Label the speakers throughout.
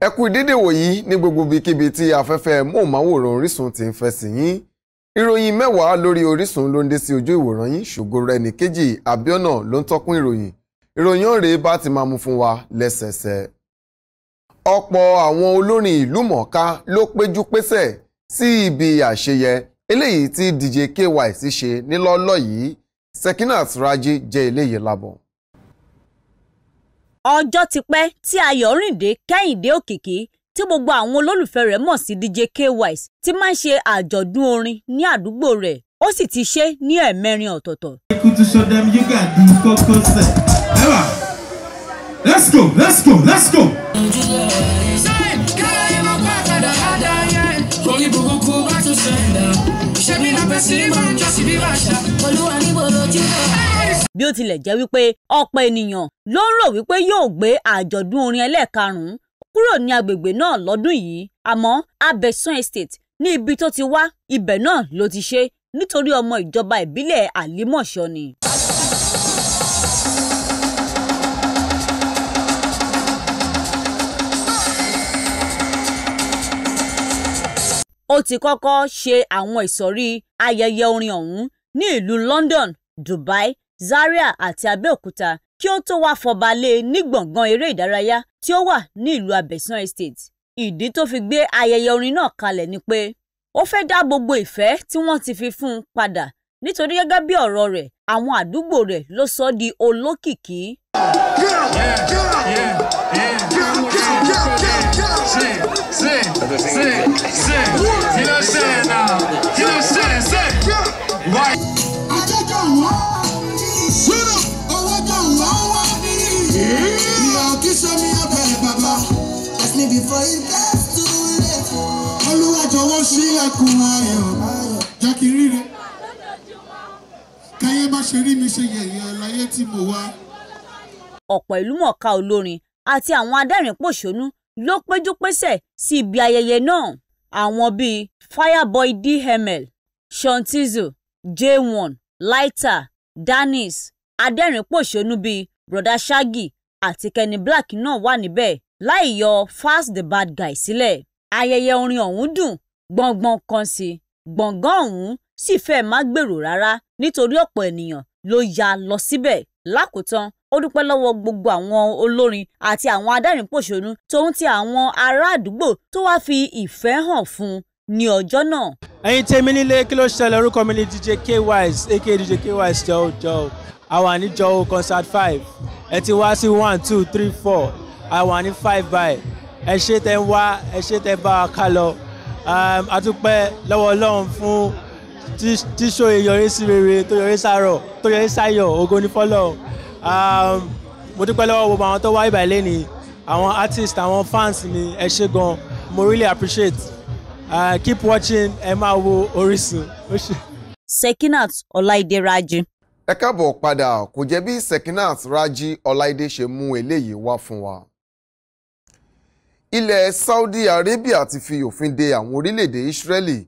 Speaker 1: ẹ kú dédé wòyí ní gbogbo ibikíbi tí afẹ́fẹ́ móhùnmáwòrán orísun ti ń fẹ́ sí yín ìròyìn mẹ́wàá lórí orísun ló ń dé sí ojú ìwòran yín ṣògo rẹ nìkejì abiona ló ń tọ́kún ìròyìn ìròyìn ọ̀rẹ́ bá ti máa mú fún wa lẹ́sẹẹsẹ. ọ̀pọ̀ àwọn olórin ìlú mọ̀ọ́ká ló péjú pésẹ̀ sí ibi àṣeyẹ eléyìí tí DJ KY ṣe nílọ́lọ́ yìí Sekinat Raji jẹ́ eléyìí lábọ̀
Speaker 2: ọjọ́ ti pẹ́ tí ayọ̀rìndé kẹ́hìndé òkìkí tí gbogbo àwọn olólùfẹ́ rẹ̀ mọ̀ sí dj kaywise ti máa ń ṣe àjọ̀dún orin ní àdúgbò rẹ̀ ó sì ti ṣe ní ẹ̀mẹrin ọ̀tọ̀ọ̀tọ̀.
Speaker 3: kutu sọdẹm yoga di kókó sẹ ẹ wà let's go let's go let's go.
Speaker 4: ṣé mi náà fẹ́ sí bàṣà olúwa níbo lójú
Speaker 2: náà bí ó tilẹ̀ jẹ́ wípé ọ̀pọ̀ ènìyàn ló ń rò wípé yóò gbé àjọ̀dún orin ẹlẹ́ẹ̀karùn-ún kúrò ní agbègbè náà lọ́dún yìí àmọ́ Abẹ́sán Estate ní ibi tó ti wá ibẹ̀ náà ló ti ṣe nítorí ọmọ ìjọba ìbílẹ̀ Àlímọ̀ṣọ́ ni. ó ti kọ́kọ́ ṣe àwọn ìsọ̀rí ayẹyẹ orin ọ̀hún ní ìlú London, Dubai Zaria àti Abẹ́òkúta kí ó tó wá fọbalé e ní gbọ̀ngàn eré ìdárayá tí ó wà ní ìlú Abẹ̀sán Estate. Ìdí tó fi gbé ayẹyẹ orin náà kalẹ̀ ni pé ó fẹ́ dá gbogbo ìfẹ́ tí wọ́n ti fi fún un padà nítorí gẹ́gẹ́ bí ọ̀rọ̀ rẹ̀ àwọn àdúgbò rẹ̀ ló sọ ọ́ di olókìkí. Yeah,
Speaker 5: show me your bed, Baba. Ask me before it gets too late. Olúwa jọ̀wọ́
Speaker 2: ṣílẹ̀kùn ayọ̀. Jẹ́ kí Káyé má ṣe rí mi ṣe yẹ̀yẹ́ láyé tí mo wá. Ọ̀pọ̀ ìlúmọ̀ọ́ká olórin àti àwọn adẹ́rìn-pòṣónú ló péjúpésẹ̀ sí ibi ayẹyẹ náà. Àwọn bíi Fireboy DML, Sean Tizo, J1, Lighter, Danis, adẹ́rìn-pòṣónú bíi Broda Shaggy àti Kenny Black náà wà níbẹ̀ láì yọ Fas the Bad Guy sílẹ̀. ayẹyẹ orin ọ̀hún dùn gbọ̀ngbọ̀n kan sí gbọ̀ngàn ọ̀hún sì fẹ́ má gbèrò rárá nítorí ọ̀pọ̀ ènìyàn ló ya lọ síbẹ̀ lákòótán ó dúpẹ́ lọ́wọ́ gbogbo àwọn olórin àti àwọn adẹ́rìnpòṣónú tóun ti àwọn ará àdúgbò tó wáá fi ìfẹ́ hàn fún un ní ọjọ́ náà.
Speaker 4: ẹ̀yin tèmi nílé kí ló ṣẹlẹ̀ orúkọ mi ni DJ Kwise aka DJ Kwise jọ̀ọ́ jọ̀ọ́ àwa ní concert five ẹ ti wá sí one two three four a wà ní five by ẹ ṣe tẹ ń wá ẹ ṣe tẹ bá wa ká lọ um, a dúpẹ́ lọ́wọ́ Ọlọ́run fún tíṣó ìyọrí sí rere tó yọrí sárọ̀ tó yọrí sáyọ̀ ògo ni fọ́lọ́ um, mo dúpẹ́ lọ́wọ́ gbogbo àwọn tó wá ìbà ilé àwọn artist àwọn fans mi ẹ ṣe gan mo really appreciate uh, keep
Speaker 1: watching ẹ máa wo Orísun. Sekinat Ọláìdé Rájí ẹ káàbọ̀ padà kò jẹ́ bí Sekinat Raji Ọláìdé ṣe mú eléyìí wá fún wa. ilẹ̀ Saudi Arabia ti fi òfin de àwọn orílẹ̀-èdè Israeli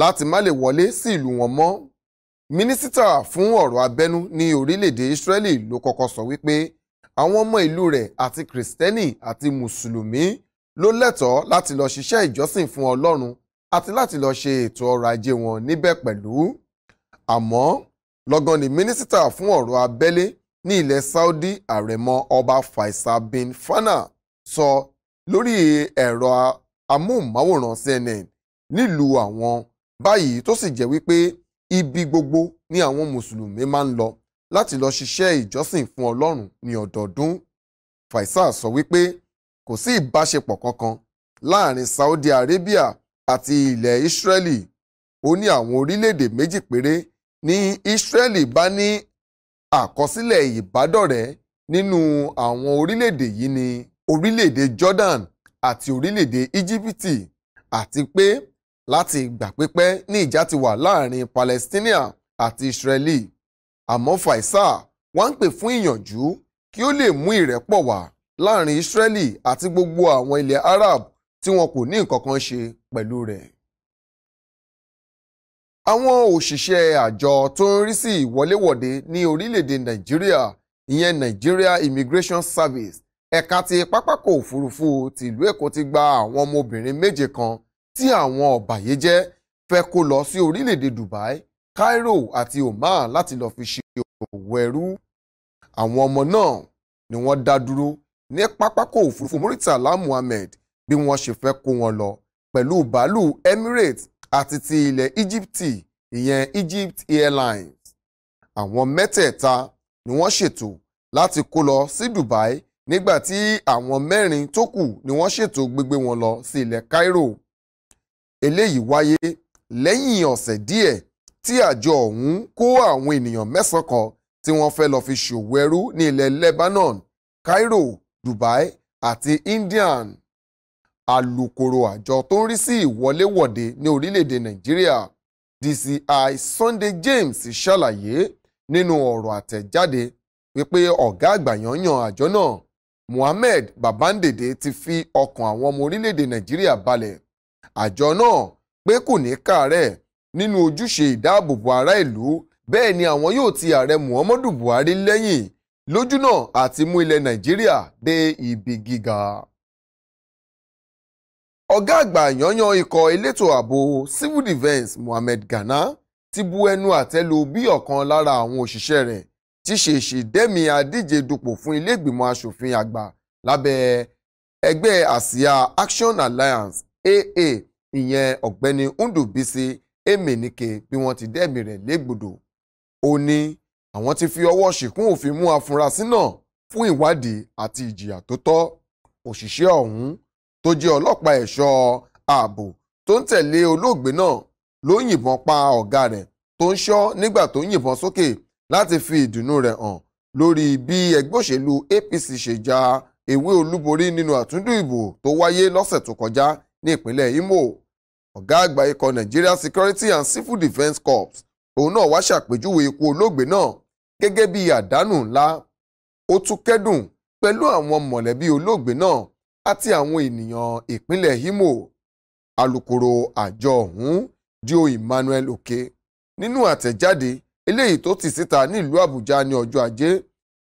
Speaker 1: láti má lè wọlé sí ìlú wọn mọ́. mínísítà fún ọ̀rọ̀ abẹ́nú ní orílẹ̀-èdè Israeli ló kọ́kọ́ sọ wípé àwọn ọmọ ìlú rẹ̀ àti kìrìsìtẹ́nì àti mùsùlùmí ló lẹ́tọ̀ọ́ láti lọ ṣiṣẹ́ ìjọsìn fún Ọlọ́run àti láti lọ ṣe ètò ọrọ̀ ajé wọn níbẹ̀ pẹ̀lú àmọ́ lọ́gán ni mínísítà fún ọ̀rọ̀ abẹ́lé ní ilẹ̀ Saudi àrẹ̀mọ ọba Faisal bin Fana sọ lórí ẹ̀rọ amóhùnmáwòrán CNN nílùú àwọn báyìí tó sì jẹ́ wípé ibi gbogbo ni àwọn mùsùlùmí máa ń lọ láti lọ ṣiṣẹ́ ìjọsìn fún Ọlọ́run ní ọdọọdún Faisal sọ wípé kò sí ìbáṣepọ̀ kankan láàrin Saudi Arabia àti ilẹ̀ Israeli ó ní àwọn orílẹ̀-èdè méjì péré ní Ísírẹ́lì bá ní àkọsílẹ̀ ìbádọ́rẹ̀ẹ́ nínú àwọn orílẹ̀-èdè yìí ni orílẹ̀-èdè Jordan àti orílẹ̀-èdè Íjíbítì àti pé láti ìgbà pípẹ́ ní ìjà ti wà láàrin Palestina àti Israeli àmọ́ Faisal wá ń pè fún ìyànjú kí ó lè mú ìrẹ́pọ̀ wá láàrin Ísírẹ́lì àti gbogbo àwọn ilẹ̀ Arab tí wọn kò ní nǹkan kan ṣe pẹ̀lú rẹ̀ àwọn òṣìṣẹ́ àjọ tó ń rí sí ìwọléwọ̀de ní orílẹ̀-èdè nàìjíríà ìyẹn nigeria immigration service ẹ̀ka ti pápákọ̀ òfurufú tìlú èkó ti gba àwọn ọmọbìnrin méje kan tí àwọn ọ̀bàyéjẹ́ fẹ́ kó lọ sí orílẹ̀-èdè dubai cairo àti oman láti lọ́ọ́ fi ṣe òwò ẹrú àwọn ọmọ náà ni wọ́n dá dúró ní pápákọ̀ òfurufú muritala muhammed bí wọ́n ṣe fẹ́ kó wọn lọ pẹ̀lú bàálù emirates àti ti ilẹ̀ íjíbítì ìyẹn Egypt Airlines àwọn mẹ́tẹ̀ẹ̀ta ni wọ́n ṣètò láti kó lọ sí Dubai nígbà tí àwọn mẹ́rin tó kù ni wọ́n ṣètò gbígbé wọn lọ sí ilẹ̀ Cairo eléyìí wáyé lẹ́yìn ọ̀sẹ̀ díẹ̀ tí àjọ ọ̀hún kó àwọn ènìyàn mẹ́sàn-án kan tí wọ́n fẹ́ lọ́ọ́ fi ṣòwò ẹrú ní ilẹ̀ Lebanon Cairo Dubai àti Indian alūkkóró àjọ tó ń rí sí ìwọléwọ̀de ní orílẹ̀-èdè nàìjíríà DCI Sunday James ṣàlàyé nínú ọ̀rọ̀ àtẹ̀jáde wípé ọ̀gá àgbà yanyan àjọ náà Mohammed Babandede ti fi ọkàn àwọn ọmọ orílẹ̀-èdè nàìjíríà balẹ̀ àjọ náà pé kò ní káàárẹ̀ nínú ojúṣe ìdáàbòbò ará ìlú bẹ́ẹ̀ ni àwọn yóò ti ààrẹ Muhammadu Buhari lẹ́yìn lójú náà àti mú ilẹ̀ nàìjíríà dé ibi gíga ọ̀gá àgbà yanyan ikọ̀ elétò ààbò civil defence Mohammed Ghana ti bu ẹnu àtẹ́ lu bí ọ̀kan lára àwọn òṣìṣẹ́ rẹ̀ ti ṣèṣì dẹ́mi adíje dupò fún iléègbìmọ̀ asòfin àgbà lábẹ́ ẹgbẹ́ àsíá Action Alliance AA ìyẹn ọ̀gbẹ́ni Ndubisi Emenike bí wọ́n ti dẹ́mi rẹ̀ légbodò ó ní àwọn ti fi ọwọ́ ṣìkún òfin mú afurasí náà fún ìwádìí àti ìjìyà tó tọ́ òṣìṣẹ́ ọ̀hún tó jẹ́ ọlọ́pàá ẹ̀ṣọ́ ààbò tó ń tẹ̀lé olóògbé náà ló yìnbọn pa ọ̀gá rẹ̀ tó ń ṣọ́ nígbà tó yìnbọn sókè láti fi ìdùnnú rẹ̀ hàn lórí bí ẹgbẹ́ òṣèlú APC ṣe ja ewé olúborí nínú àtúndù ìbò tó wáyé lọ́sẹ̀ tó kọjá ní ìpínlẹ̀ Imo ọ̀gá àgbà ikọ̀ Nigeria Security and Civil Defence Corps òun náà wá ṣàpèjúwe ikú olóògbé náà gẹ́gẹ́ bí àdánù ńlá ó tún kẹ́dùn pẹ̀lú àwọn mọ̀lẹ́bí olóògbé náà àti àwọn ènìyàn ìpínlẹ̀ Imo alukoro àjọ ọ̀hún Joe Emmanuel Oke nínú àtẹ̀jáde eléyìí tó ti síta nílùú Àbújá ní ọjọ́ ajé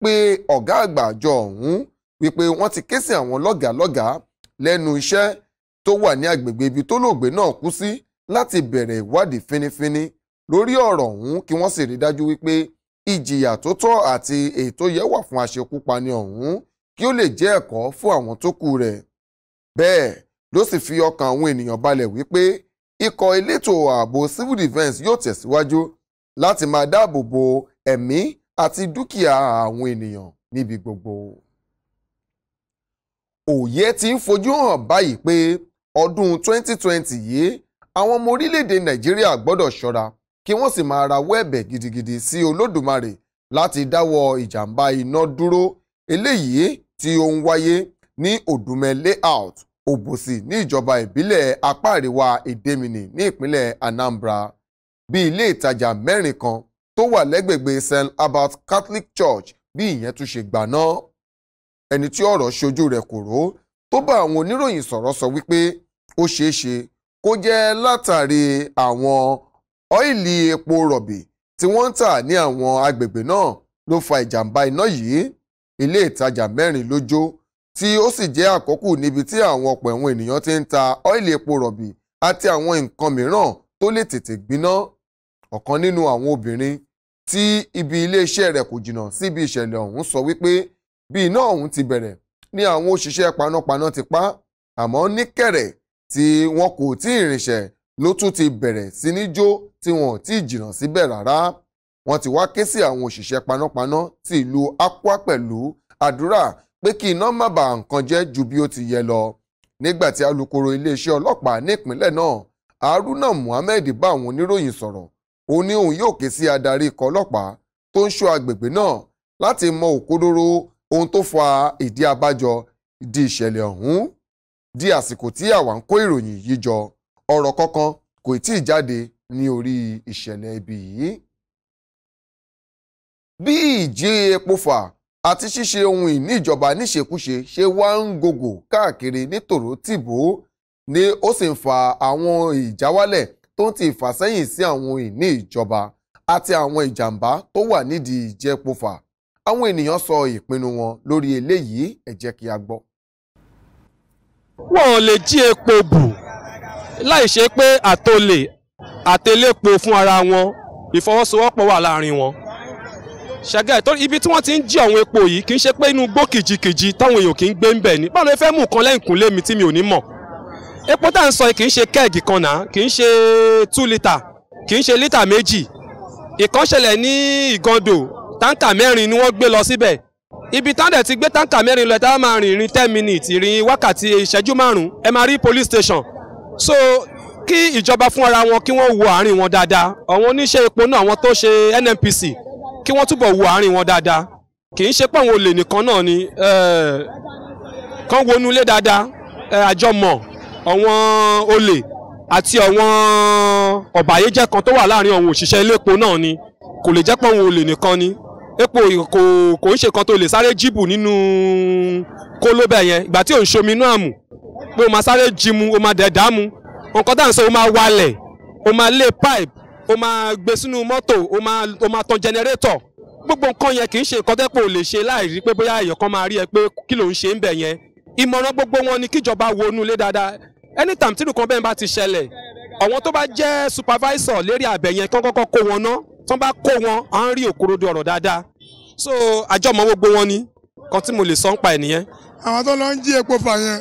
Speaker 1: pé ọ̀gá àgbà àjọ ọ̀hún wípé wọ́n ti ké sí àwọn lọ́gàálọ́gàá lẹ́nu iṣẹ́ tó wà ní agbègbè ibi tó lóògbé náà kú sí láti bẹ̀rẹ̀ ìwádìí finifini lórí ọ̀rọ̀ ọ̀hún kí wọ́n sì rí dájú wípé ìjìyà tó tọ́ àti èyí tó yẹ wà fún aṣekúpani ọ̀hún kí ó lè jẹ́ ẹ̀kọ́ fún àwọn tó kù rẹ̀ bẹ́ẹ̀ ló sì fi ọkàn àwọn ènìyàn balẹ̀ wípé ikọ̀ elétò ààbò civil defence yóò tẹ̀síwájú láti máa dáàbò bo ẹ̀mí àti dúkìá àwọn ènìyàn níbi gbogbo. òye ti ń fojú hàn báyìí pé ọdún 2020 yìí àwọn ọmọ orílẹ̀-èdè nàìjíríà gbọ́dọ̀ ṣọ́ra kí wọ́n sì máa rawọ́ ẹ̀bẹ̀ gidigidi sí olódùmarè láti dáwọ́ ìjàmbá iná dúró eléyìí tí ó ń wáyé ní Odume Layout Òbòsì ní ìjọba ìbílẹ̀ apá àríwá Èdèmìnì ní ìpínlẹ̀ Anambra bí ilé ìtajà mẹ́rin kan tó wà lẹ́gbègbè St. Albert Catholic Church bí ìyẹn tún ṣe gbaná ẹni tí ọ̀rọ̀ ṣojú rẹ̀ kò ró tó bá àwọn oníròyìn sọ̀rọ̀ sọ wípé ó ṣeé ṣe kó jẹ́ látàrí àwọn ọ́ìlì epo rọ̀bì tí wọ́n ń tà ní àwọn agbègbè náà ló fa ìjàmbá iná yìí ilé ìtajà mẹ́rin ló jó tí ó sì jẹ́ àkọ́kù níbi tí àwọn ọ̀pọ̀ ẹ̀wọ̀n ènìyàn ti ń ta ọ́ìlì epo rọ̀bì àti àwọn nǹkan mìíràn tó lè tètè gbiná ọ̀kan nínú àwọn obìnrin tí ibi iléeṣẹ́ rẹ̀ kò jìnnà síbi ìṣẹ̀lẹ̀ ọ̀hún sọ wípé bí iná ọ̀hún ti bẹ̀rẹ̀ ni àwọn òṣìṣẹ́ panápaná ti pa àmọ́ ní kẹ̀rẹ̀ tí wọn kò tí ì rìnṣẹ̀ ló tún ti bẹ̀rẹ̀ sí ní jó tí wọn ò tí ì jìnnà síbẹ̀ rárá wọ́n ti wá ké sí àwọn òṣìṣẹ́ panápaná ti ìlú Akwa pẹ̀lú àdúrà pé kí iná má bàa nǹkan jẹ́ ju bí ó ti yẹ lọ nígbà tí alukoro iléeṣẹ́ ọlọ́pàá nípínlẹ̀ náà Haruna Muhammed bá àwọn oníròyìn sọ̀rọ̀ ó ní òun yóò ké sí adarí ikọ̀ ọlọ́pàá tó ń ṣọ́ agbègbè náà láti mọ òkodoro ohun tó fa ìdí abájọ di ìṣẹ̀lẹ̀ ọ̀hún di àsìkò tí àwa ń kó ìròyìn yìí jọ ọ̀rọ̀ kankan kò tí ì jáde ní orí ìṣẹ̀lẹ̀ ibi yìí bí ìjì epo fà àti ṣíṣe ohun ìní ìjọba níṣekúṣe ṣe wá ń gògò káàkiri nítorò tìbò ni ó sì ń fa àwọn ìjáwálẹ̀ tó ń ti ìfàsẹ́yìn sí àwọn ìní ìjọba àti àwọn ìjàmbá tó wà nídìí ìjì epo fà àwọn ènìyàn sọ ìpinnu wọn lórí eléyìí ẹ jẹ́ kí a gbọ́. wọn ò lè jí epo bù láì ṣe pé àtòlè
Speaker 6: àtẹlẹ́po fún ara wọn ìfọwọ́sowọ́pọ̀ wà láàrin wọn ṣẹgẹ tó ibi tí wọ́n ti ń jí àwọn epo yìí kì í ṣe pé inú gbó kìjikìji táwọn èèyàn kì í gbé ń bẹ̀ ni báwo ló fẹ́ mú nǹkan lẹ́yìn kúnlé mi tí mi ò ní mọ̀ epo tá à ń sọ yìí kì í ṣe kẹ́ẹ̀gì kan náà kì í ṣe two litre kì í ṣe lítà méjì ìkọ́ṣẹlẹ̀ ní ìgàndò táǹkà mẹ́rin ni wọ́n gbé lọ síbẹ̀ ibi táǹdẹ̀ ti gbé táǹkà mẹ́rin lọ tá máa rìn ìrìn ten minutes ìrìn wákàtí ìṣẹ́jú márùn-ún ẹ police station so kí ìjọba fún ara wọn kí wọ́n wo àárín wọn dáadáa àwọn oníṣẹ́ epo náà àwọn tó ṣe NNPC kí wọ́n túbọ̀ wo àárín wọn dáadáa kì í ṣe pé àwọn olè nìkan náà ni kán wọnú ilé dáadáa àjọmọ̀ àwọn olè àti àwọn ọ̀bàyéjẹ́ kan tó wà láàárín àwọn òṣìṣẹ́ iléepo náà ni kò lè jẹ́ pé àwọn olè nìkan ni epo kò kò ń ṣe kan tó lè sáré jíìbù nínú kóló bẹ́ẹ̀ yẹn ìgbà tí ò ń ṣomi inú àmù pé o máa sáré jimu o máa dẹ̀ dàmú nǹkan tá à ń sọ o máa walẹ̀ o máa lé pipe o máa gbé sínú mọ́tò o máa o máa tan jẹnẹrétọ̀ gbogbo nǹkan yẹn kì í ṣe nǹkan tẹ́pọ̀ ò lè ṣe láì rí pé bóyá èèyàn kan máa rí ẹ pé kí ló ń ṣe ń bẹ̀ yẹn ìmọ̀ràn gbogbo wọn ni kíjọba wo inú ilé dáadáa anytime tí nǹkan bẹ́ẹ̀ bá ti ṣẹlẹ̀ àwọn tó bá jẹ́ supervisor lérí àbẹ̀ yẹn kán kọ́kọ́ kó wọn ná tó bá kó wọn à ń rí òkúrodò ọ̀rọ̀ dáadáa so àjọmọ̀ gbogbo wọn ni kan tí mo lè sọ ń pa ẹ̀ nìyẹn.
Speaker 5: àwọn tó lọ ń jí epo fà yẹn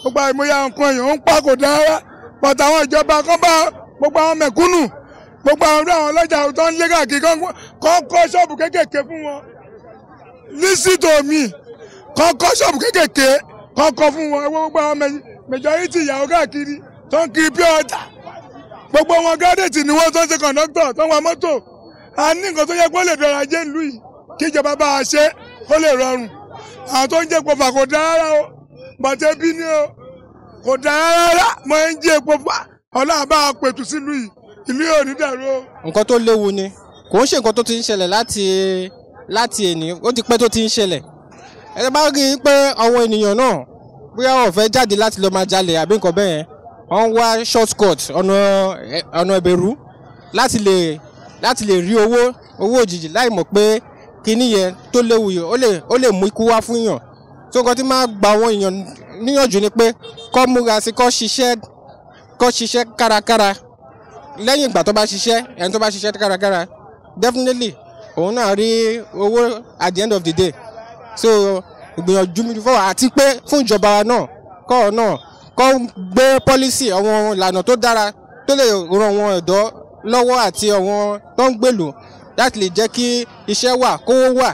Speaker 5: gbogbo àìmọye nǹkan èèyàn ń pa kò dára pàtó àwọn ìjọba kan bá gbogbo àwọn mẹ̀kúnnù gbogbo àwọn ọdún àwọn ọlọ́jà tó ń lé káàkiri kan kọ́ ṣọ́ọ̀bù kéékèèké fún wọn lísì tòmí kan kọ́ ṣọ́ọ̀bù kéékèèké kan kọ́ fún wọn ẹwọ́ gbogbo àwọn majority ìyàwó káàkiri tó ń kiri pure water gbogbo wọn gádẹ́tì ni wọ́n tó ń ṣe kọ̀ńdọ́tọ̀ tó ń wa mọ́tò a ní nǹkan tó yẹ kó lè dọ̀rọ̀ ajé ìlú yìí kí ìjọba bá a ṣe kó lè rọrùn àwọn tó ń jẹ́ pọ̀fà kò dára o gbàtẹ́bí ni o
Speaker 4: kò dára rárá mo ń jí epo ọlọ́run bá a pẹ̀tù sílùú yìí ìlú yóò ní dàrú o. nǹkan tó léwu ni kò ń ṣe nǹkan tó ti ń ṣẹlẹ̀ láti láti èní ó ti pẹ́ tó ti ń ṣẹlẹ̀ ẹ bá rí i pé àwọn ènìyàn náà bóyá wọn fẹ́ jáde láti lọ́ọ́ máa jalè àbí nǹkan bẹ́ẹ̀ wọ́n wá short cut ọ̀nà ọ̀nà ẹ̀bẹ̀rú láti lè láti lè rí owó owó òjijì láì mọ̀ pé kinní yẹn tó léwu yìí ó lè ó lè mú ikú wá fún yàn tó nǹkan tí máa gba àwọn èèyàn níyànjú ni pé kó múra sí kó ṣiṣẹ́ kó ṣiṣẹ́ kárakára lẹ́yìn ìgbà tó bá ṣiṣẹ́ ẹni tó bá ṣiṣẹ́ kárakára definitely òun náà rí owó at the end of the day so ìgbìyànjú mi fọwọ́ àti pé fún ìjọba wa náà kọ́ ọ náà kọ́ gbé pọ́lísì àwọn ìlànà tó dára tó lè ran àwọn ọ̀dọ́ lọ́wọ́ àti àwọn tó ń gbèlú láti lè jẹ́ kí iṣẹ́ wà kówó wà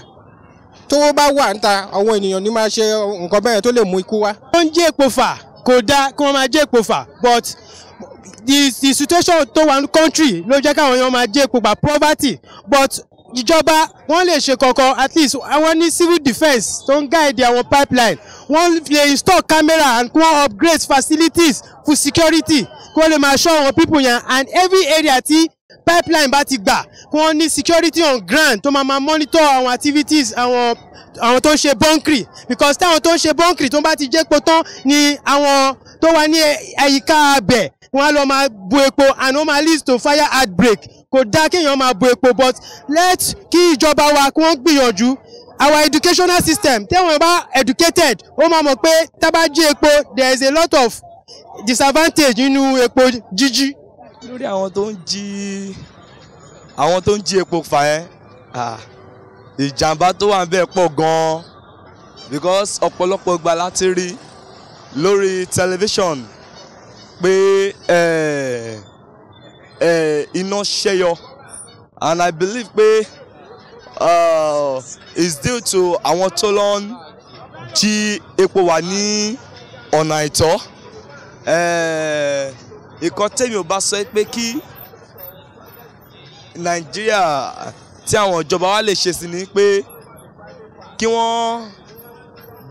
Speaker 4: tówó bá wà ń ta àwọn ènìyàn ní máa ṣe nǹkan bẹ́ẹ̀ tó lè mú ikú wá. ó ń jẹ́ èpò fà kò dáa kí wọ́n máa jẹ́ èpò fà but the the situation tó wà ní country ló jẹ́ káwọn èèyàn máa jẹ́ èpò fà poverty but ìjọba wọ́n lè ṣe kankan at least àwọn ní civil defence tó ń guide àwọn pipeline wọ́n lè install camera and wọ́n upgrade facilities for security kí wọ́n lè máa ṣọ́ àwọn people yẹn and every area tí pipeline bá ti gbà kí wọ́n ní security on ground tó máa máa monitor àwọn activities àwọn àwọn tó ń ṣe bọ́ńkìrì because táwọn tó ń ṣe bọ́ńkìrì tó bá ti jẹ́po tán ni àwọn tó wà ní àyíká abẹ̀ wọ́n á lọ máa bu epo and to fire outbreak kò dáa kéèyàn máa bu epo but let kí ìjọba wa kí wọ́n gbìyànjú our educational system tẹ́wọ̀n bá educated ó máa mọ̀ pé tábàjì epo there is a lot of disadvantage nínú epo jíjí
Speaker 3: lórí àwọn tó ń jí àwọn tó ń jí epo fà yẹn ìjàmbá tó wà ń bẹ̀ pọ̀ gan because ọ̀pọ̀lọpọ̀ ìgbà láti rí lórí tẹlifíṣọ̀n pé iná ṣẹyọ and I believe pé uh, it's due to àwọn tó lọ ń jí epo wà ní ọ̀nà àìtọ́ nǹkan tèmi ò bá sọ pé kí nàìjíríà tí àwọn ìjọba wa lè ṣe sí ni pé kí wọ́n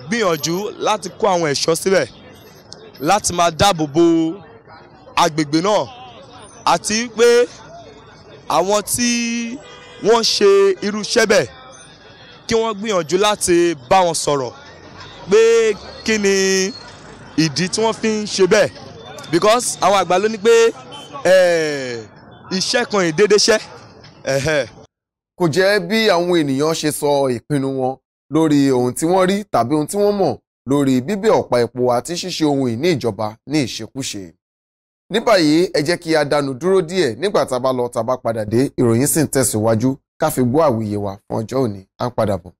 Speaker 3: gbìyànjú láti kó àwọn ẹ̀ṣọ́ síbẹ̀ láti máa dáàbò bo agbègbè náà àti pé àwọn tí wọ́n ṣe irú iṣẹ́ bẹ́ẹ̀ kí wọ́n gbìyànjú láti bá wọn sọ̀rọ̀ pé kí ni ìdí tí wọ́n fi ń ṣe bẹ́ẹ̀ because àwọn àgbà ló ní pé iṣẹ́
Speaker 1: kan ìdédé ṣẹ́. kò jẹ́ bí àwọn ènìyàn ṣe sọ ìpinnu wọn lórí ohun tí wọ́n rí tàbí ohun tí wọ́n mọ̀ lórí bíbẹ́ ọ̀pá epo àti ṣíṣe ohun ìní ìjọba ní ìṣekúṣe. ní báyìí ẹ jẹ́ kí a dánu dúró díẹ̀ nígbà tá a bá lọ tá a bá padà dé ìròyìn sì ń tẹ̀síwájú ká fi gbọ́ àwíyé wa fún ọjọ́ òní à ń padà bọ̀.